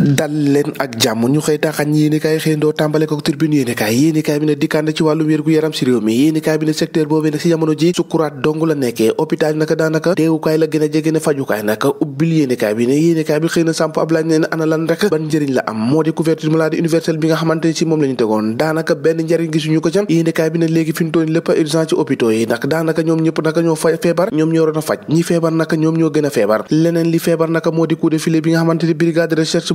dal leen ak jàmm ñu xëy taaxañ yéenikaay xëyndoo tàmbale ko tribune yéenikaay yéenikaay bi ne dikkaanda ci wàllum wér-gu-yaram si réew mi yéenikaay bi a jege ne fajukaay naka ubbil yéenikaay bi ne yéenikaay na xamante ne moom la tegoon daanaka benn njëriñ gisuñu ko cam yéenikaay bi ne léegi fi lépp urgent ci hôpitaux yi nag daanaka ñoom ñëpp naka ñoo fa feebar ñoom ñoo faj ñi feebar naka ñoom ñoo gën a feebar leneen li feebar naka moo di coup de bi nga xamante brigade de recherche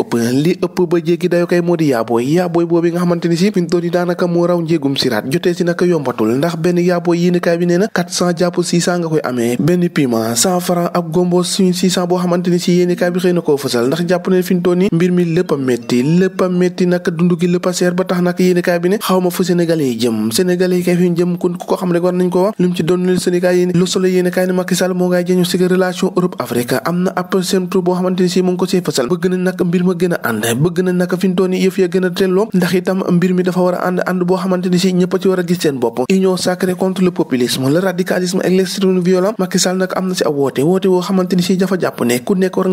ëpp li ëpp ba jéggi dayo kay moo di yaabooy boobi nga xamante si fi daanaka moo raw njéegum siraat jotee si naka yombatul ndax benn yaabooy yéenekaay bi bi xëy na koo fësal ndax jàpp ne fi mbir mi lépp a métti lépp naka dund gi seer ba tax naka yéenekaay bi ne xaw fu sénégalais jëm sénégalais kay fi ñu ko xam rek war nañ ko wax lu ci doon sénégal yi lu solo yéenekaay ne Macky Sall moo ngay jañu si relation Europe Afrique ma a gën a telloo boo xamante si ñëpp jàpp ne ku nekk war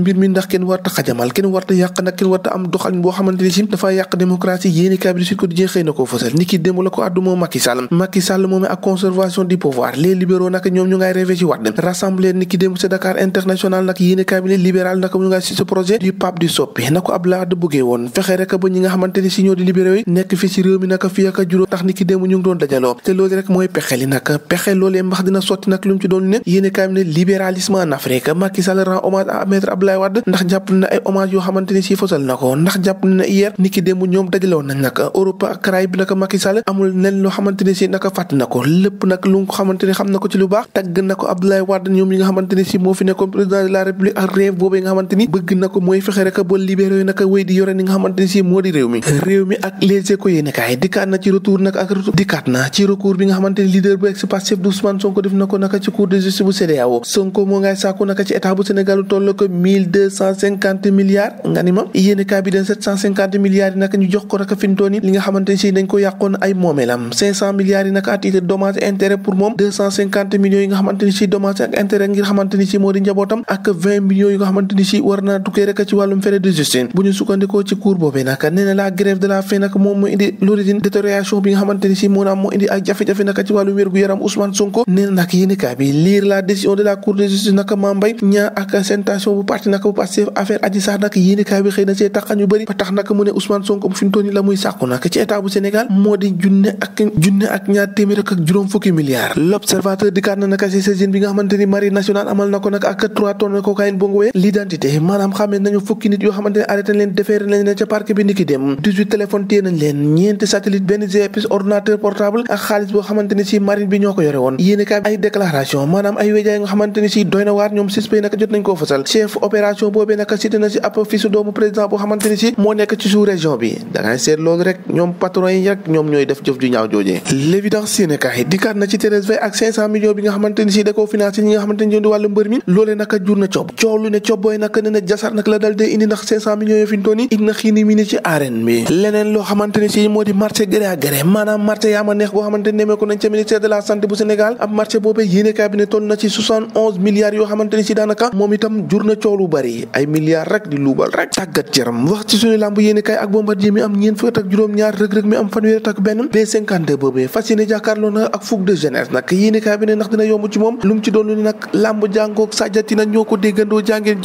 mbir mi ndax kenn warta xajamal kenn warta yàq nag kenn warta am doxalin boo xamante si dafa yàq démocratie yéeni kabidi sut ko di na ko fësal ni ki démb la ko àddu moom Macky Sall moom ak conservation du pouvoir les libéraux nag ñoom ñu ngay rêvé ci Wade rassembler ni ki démb ci Dakar international nag yéeni kabine libéral nag ñu ngay si ce projet du Pape di soppi na ko Abdoulaye Wade bëggee woon ñoom ñi nga xamante si moo fi nekkoon président la République ak réew boobu nga xamante bëgg na mooy fexe fexe rek ba yi naka wéy di yore ni nga xamante si moo di mi réew mi ak les échos yéene kaay dikkaat na ci retour nag ak na ci recours bi nga na ko naka e ay moomeelam cinq cent milliards yi naka à titre dommage pour moom deux cent cinquante millions yi nga xamante si dommage ak intérêt ngir xamante si moo njabootam ak vingt millions yi nga xamante si war na tukkee ci wàllum frais de justice bu ñu ci cour boobu nag nee na la de la faim nag moom moo indi l'origine détérioration bi nga xamante ni marine nationale amal na ko nag ak trois tonnes cocaïne bongowe maanaam xamee nañu fukki nit yoo xamante ne leen defeere nañ ca parc bi niki dem 18 téléphone téye leen ñeenti satellite benn GPS ordinateur portable ak xaalis boo xamante ne marine bi ñoo ko yore woon yéene kaay déclaration maanaam ay wéjaay nga xamante ne si nañ koo fasal chef opération boobee naka cité na si ab doomu président boo xamante ne moo nekk ci sous région bi dangay seet loolu rek ñoom patron yi rek ñoom ñooy def jëf ju ñaaw dee indi ndax 500 millions yoo fi ñu na xiini mi ci arène bi leneen loo xamante ne si di marché gré à gré maanaam marché yaa ma neex boo xamante nemee ko nañ ca ci daanaka moom itam jur na bari ay milliards rek di luubal rek tàggat yaram wax ci suñu làmb yéene kaay ak Bombardier mi am ñeent fukk ak juróom-ñaar rëg-rëg mi am fanweer ak benn B52 boobee fas yéene jàkkaarloo na ak fukk de jeunesse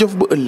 nag